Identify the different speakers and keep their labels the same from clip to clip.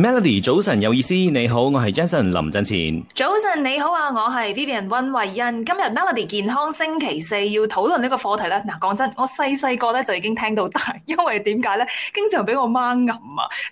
Speaker 1: Melody，早晨有意思，你好，我係 Jason 林振前。
Speaker 2: 早晨你好啊，我係 Vivian 溫慧欣。今日 Melody 健康星期四要討論呢個課題咧。嗱，講真，我細細個咧就已經聽到大，因為點解咧？經常俾我媽吟啊，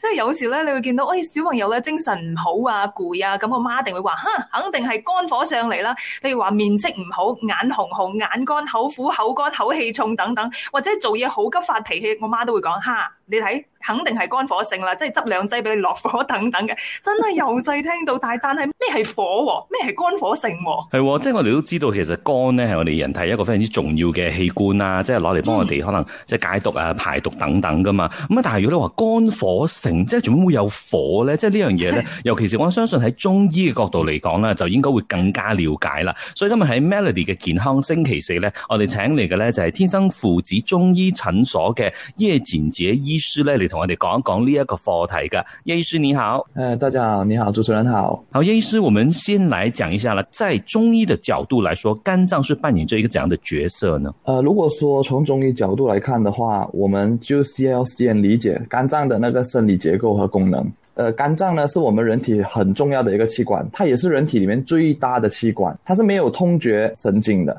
Speaker 2: 即係有時咧你會見到，哎，小朋友咧精神唔好啊，攰啊，咁我媽一定會話，哼，肯定係肝火上嚟啦。譬如話面色唔好，眼紅紅，眼乾口苦口乾口氣重等等，或者做嘢好急發脾氣，我媽都會講，哈。你睇，肯定係肝火盛啦，即係執兩劑俾你落火等等嘅，真係由細聽到大。但係咩係火啊？咩係肝火盛啊？係，
Speaker 1: 哦，即係我哋都知道，其實肝咧係我哋人體一個非常之重要嘅器官啊，即係攞嚟幫我哋可能即係解毒啊，嗯、排毒等等噶嘛。咁啊，但係如果你話肝火盛，即係點解會有火咧？即係呢樣嘢咧，尤其是我相信喺中醫嘅角度嚟講咧，就應該會更加了解啦。所以今日喺 Melody 嘅健康星期四咧，我哋請嚟嘅咧就係、是、天生父子中醫診所嘅葉賢姐醫醫師咧嚟同我哋講一講呢一個課題噶，葉醫師你好，誒、哎、大家好，你好，主持人好，好，葉醫師，我們先來講一下啦，在中醫的角度來說，肝臟是扮演着一個怎樣的角色呢？誒、
Speaker 3: 呃，如果說從中醫角度來看的話，我們就需要先理解肝臟的那個生理結構和功能。誒、呃，肝臟呢是我們人體很重要的一個器官，它也是人體裏面最大的器官，它是沒有痛覺神經的。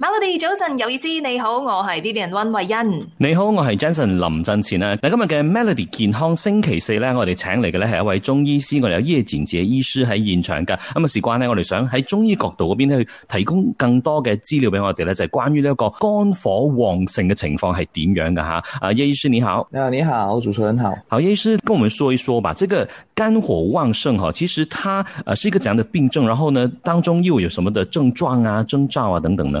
Speaker 2: Melody 早晨，有意思，你好，我係 B B 人溫慧欣。
Speaker 1: 你好，我係 Jenson 林振前啊。嗱，今日嘅 Melody 健康星期四咧，我哋請嚟嘅咧係一位中醫師，我哋有葉健智醫師喺現場噶。咁啊，事關咧，我哋想喺中醫角度嗰邊咧去提供更多嘅資料俾我哋咧，就係、是、關於呢一個肝火旺盛嘅情況係點樣嘅吓。啊，葉醫師你好，啊你好，我主持人好。好，葉醫師跟我們說一說吧。這個肝火旺盛哈，其實它啊是一個怎樣的病症？然後呢，當中又有什麼的症狀啊、徵
Speaker 3: 兆啊等等呢？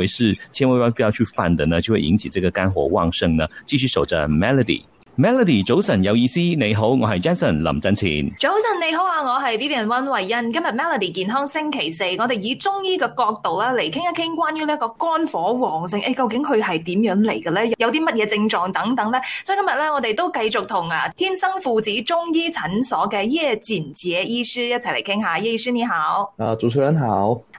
Speaker 1: 是千萬不要不要去犯的呢，就會引起這個肝火旺盛呢。繼續守着 Melody，Melody 早晨，Melody，早晨，有意思你好，我係 Jason 林振前。
Speaker 2: 早晨你好啊，我係 Vivian 溫惠恩。今日 Melody 健康星期四，我哋以中醫嘅角度啦，嚟傾一傾關於呢一個肝火旺盛，誒，究竟佢係點樣嚟嘅咧？有啲乜嘢症狀等等咧？所以今日咧，我哋都繼續同啊天生父子中醫診所嘅葉建杰醫師一齊嚟傾下。葉醫師你好，
Speaker 3: 啊主持人好。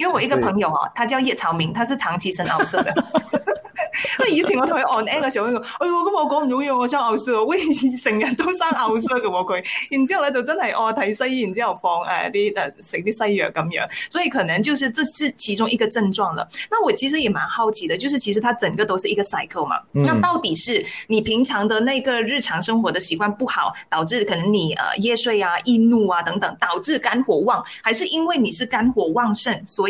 Speaker 2: 因為我一個朋友啊，他叫葉朝明，他是長期生嘔血的。 那 以前我同佢 on air 嘅時候，我講：哎呦，咁我講唔容易，我生嘔血，我已成日都生嘔血的我佢，然之後咧就真係哦，睇西醫，然之後放誒啲誒食啲西藥咁樣，所以可能就是這是其中一個症狀了。那我其實也蠻好奇的，就是其實它整個都是一個 cycle 嘛？那到底是你平常的那個日常生活的習慣不好，導致可能你呃夜睡啊、易怒啊等等，導致肝火旺，還是因為你是肝火旺盛，所以？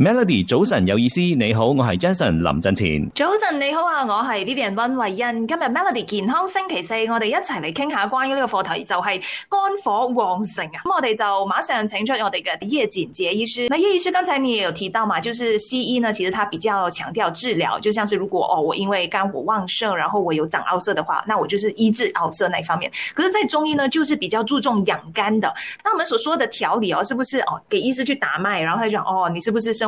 Speaker 1: Melody，早晨有意思，你好，我係 Jason 林振前。
Speaker 2: 早晨你好啊，我係 Vivian 溫慧欣。今日 Melody 健康星期四，我哋一齊嚟傾下關於呢個課題，就係、是、肝火旺盛啊。咁我哋就馬上請出我哋嘅葉志杰醫師。嗱，葉醫師剛才你也有提到嘛，就是西醫呢，其實佢比較強調治療，就像是如果哦我因為肝火旺盛，然後我有長澳色的話，那我就是醫治澳色那一方面。可是，在中醫呢，就是比較注重養肝的。那我們所說的調理哦，是不是哦，給醫師去打脈，然後佢就哦，你是不是生？